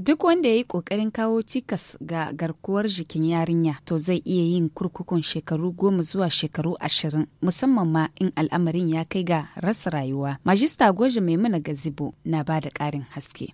Duk wanda ya yi ƙoƙarin kawo cikas ga garkuwar jikin yarinya to zai iya yin kurkukun shekaru goma zuwa shekaru ashirin musamman ma in al'amarin ya kai ga rasa rayuwa. Majista Goji muna Gazibo na ba da ƙarin haske.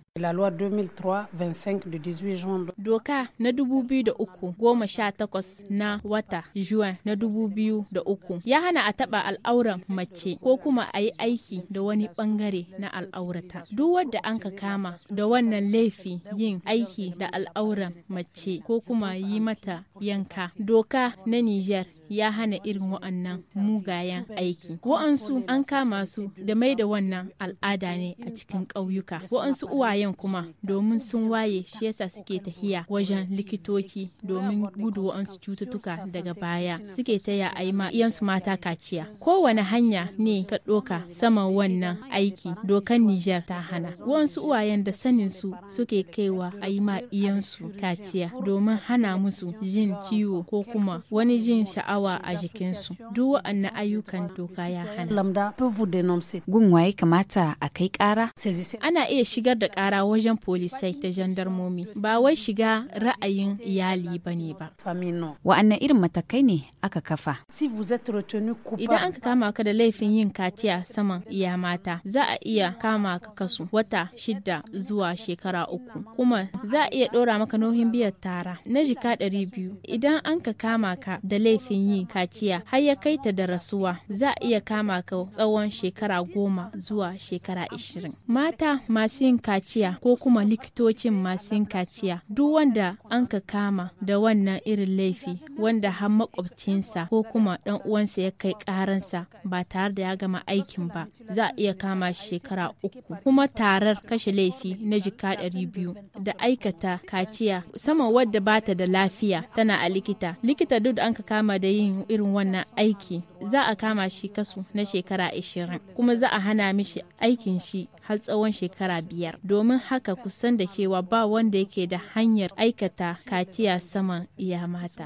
Doka na dubu da uku goma sha takwas na wata Juwan na dubu biyu da uku ya hana a taɓa al'auran mace ko kuma a yi aiki da wani ɓangare na al'aurata. Duk wadda an ka kama da wannan laifi yin aiki da al'auran mace ko kuma yi mata yanka. Doka na Nijar ya hana irin wa'annan mugayen aiki wa'ansu an kama su da mai da wannan al'ada ne a cikin ƙauyuka wa'ansu uwayen kuma domin sun waye shi yasa suke tahiya wajen likitoci domin gudu wa'ansu cututtuka daga baya suke taya a yi iyansu mata kaciya kowane hanya ne ka ɗoka sama wannan aiki dokan Nijar ta hana wa'ansu uwayen da sanin su suke kaiwa a yi ma iyansu kaciya domin hana musu jin ciwo ko kuma wani jin sha'awa sha'awa a jikinsu duk waɗannan ayyukan doka ya hana. Gunwaye kamata a kai ƙara? Ana iya shigar da ƙara wajen polisai da jandarmomi ba wai shiga ra'ayin iyali ba ne ba. Wa'anna irin matakai ne aka kafa? Idan an kama ka da laifin yin katiya saman iya mata za a iya kama ka kasu wata shida zuwa shekara uku kuma za a iya ɗora maka nohin biyar tara na jika ɗari biyu idan an ka kama ka da laifin yin kaciya har ya kai ta da rasuwa za a iya kama ka tsawon shekara goma zuwa shekara ishirin. Mata masu yin kaciya ko kuma likitocin masu yin kaciya duk wanda an ka kama da wannan irin laifi wanda har makwabcinsa ko kuma dan uwansa ya kai karansa ba tare da ya gama aikin ba za a iya kama shekara uku kuma tarar kashe laifi na jika ɗari biyu da aikata kaciya sama wadda bata da lafiya tana a likita likita duk an ka kama da yin irin wannan aiki za a kama shi kasu na shekara ashirin kuma za a hana mishi aikin shi har tsawon shekara biyar domin haka kusan da cewa ba wanda yake da hanyar aikata katiya saman iya mata.